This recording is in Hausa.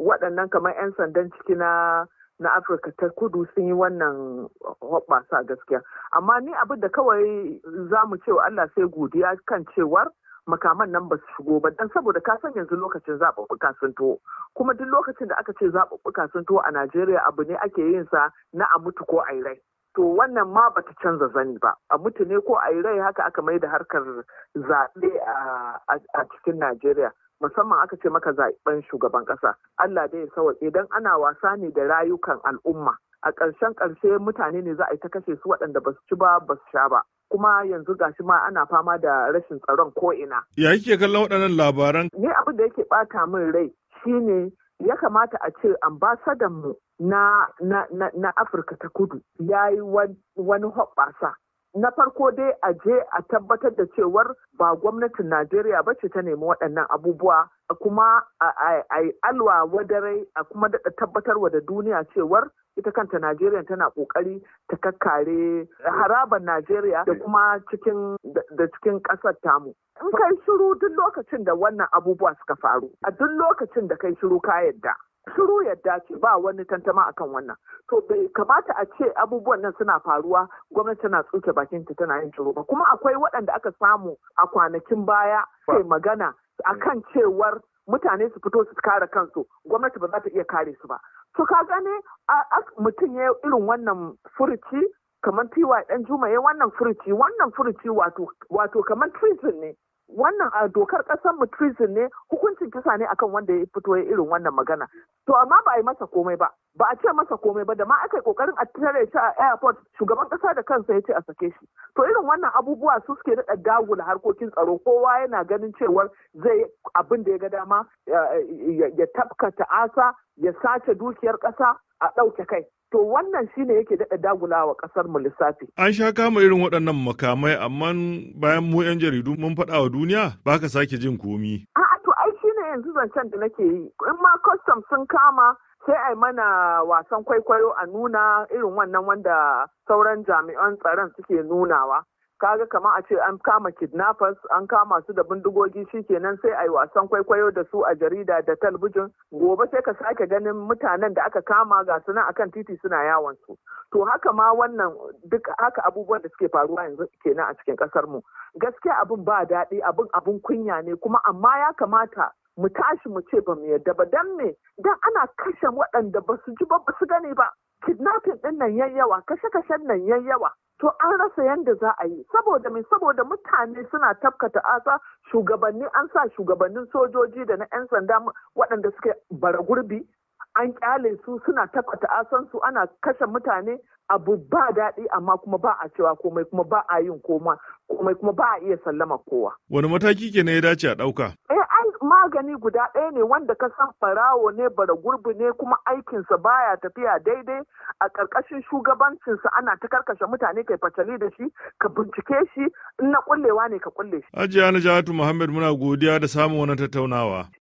waɗannan kamar 'yan sandan ciki na na afirka ta kudu sun yi wannan hoɓɓasa gaskiya amma ni abin da kawai za mu cewa allah sai godiya kan cewar makaman nan ba su shigo ba dan saboda ka san yanzu lokacin zaɓuɓɓuka sun taho kuma duk lokacin da aka ce zaɓuɓɓuka sun taho a najeriya abu ne ake yin sa na a mutu ko a rai to wannan ma bata canza zani ba a mutu ne ko a rai haka aka mai da harkar zaɓe a cikin najeriya musamman aka ce maka zaɓen shugaban ƙasa Allah dai sawa idan ana wasa ne da rayukan al'umma a ƙarshen ƙarshe mutane ne za a yi ta kashe su waɗanda ba su ci ba ba su sha ba kuma yanzu ga shi ma ana fama da rashin tsaron ko'ina. ina. Ya yake kallon waɗannan labaran? Ni abin da yake ɓata min rai shine ya kamata a ce ambasadan mu na, na, na, Afirka ta kudu ya yi wani hoɓɓasa na farko dai a je a tabbatar da cewar ba gwamnatin najeriya ba ce ta nemi waɗannan abubuwa kuma a yi alwa wadarai a kuma daɗa wa da duniya cewar ita kanta najeriya tana ƙoƙari ta kakare. haraban najeriya da kuma cikin da cikin ƙasar tamu in kai shiru duk lokacin da wannan abubuwa suka faru a duk lokacin da kai shiru ka yadda shiru yadda ce ba wani tantama akan wannan to bai kamata a ce abubuwan nan suna faruwa gwamnati tana tsuke bakin ta tana yin shiru ba kuma akwai waɗanda aka samu a kwanakin baya sai magana akan cewar mutane su fito su kare kansu gwamnati ba za ta iya kare su ba to ka gane mutum ya irin wannan furuci kamar tiwa dan juma ya wannan furuci wannan furuci wato wato kamar treason ne wannan a dokar ƙasar mu treason ne hukuncin kisa ne akan wanda ya fito ya irin wannan magana to amma ba a yi masa komai ba ba a ce masa komai ba da ma aka kokarin a tare shi a airport shugaban ƙasa da kansa ya ce a sake shi to irin wannan abubuwa su suke da dagula harkokin tsaro kowa yana ganin cewar zai abin da ya ga dama ya tabka ta'asa ya sace dukiyar ƙasa a ɗauke kai to wannan shi ne yake daɗa wa ƙasar mu lissafi. An sha kama irin waɗannan makamai amma bayan mu 'yan jaridu mun faɗa wa duniya ba ka sake jin komi. A'a to ai shi ne yanzu zancen da nake yi in ma kwastam sun kama sai ai mana wasan kwaikwayo a nuna irin wannan wanda sauran jami'an tsaron suke nunawa. kaga kama a ce an kama kidnappers an kama su da bindigogi shi kenan sai a yi wasan kwaikwayo da su a jarida da talabijin gobe sai ka sake ganin mutanen da aka kama ga su nan akan titi suna yawon su to haka ma wannan duk haka abubuwan da suke faruwa yanzu kenan a cikin kasar mu gaskiya abin ba daɗi abun abun kunya ne kuma amma ya kamata mu tashi mu ce ba mu yadda ba dan me dan ana kashe waɗanda ba su ji ba ba su gani ba kidnapping ɗin nan yayyawa kashe-kashen nan yayyawa to an rasa yadda za a yi saboda mai saboda mutane suna tafkata asa shugabanni an sa shugabannin sojoji da na 'yan sanda waɗanda suke bara gurbi an kyale su suna tafkata su ana kashe mutane abu ba daɗi amma kuma ba a cewa komai kuma ba a yin koma komai kuma ba a iya sallama kowa. Wani mataki ke ne ya dace a ɗauka? Eh magani guda ɗaya ne wanda ka san farawo ne bara gurbi ne kuma aikinsa baya tafiya daidai a ƙarƙashin shugabancinsa ana ta karkashe mutane kai fatali da shi ka bincike shi in na ƙullewa ne ka kulle shi. Ajiya na Jahatu Muhammad muna godiya da samun wani tattaunawa.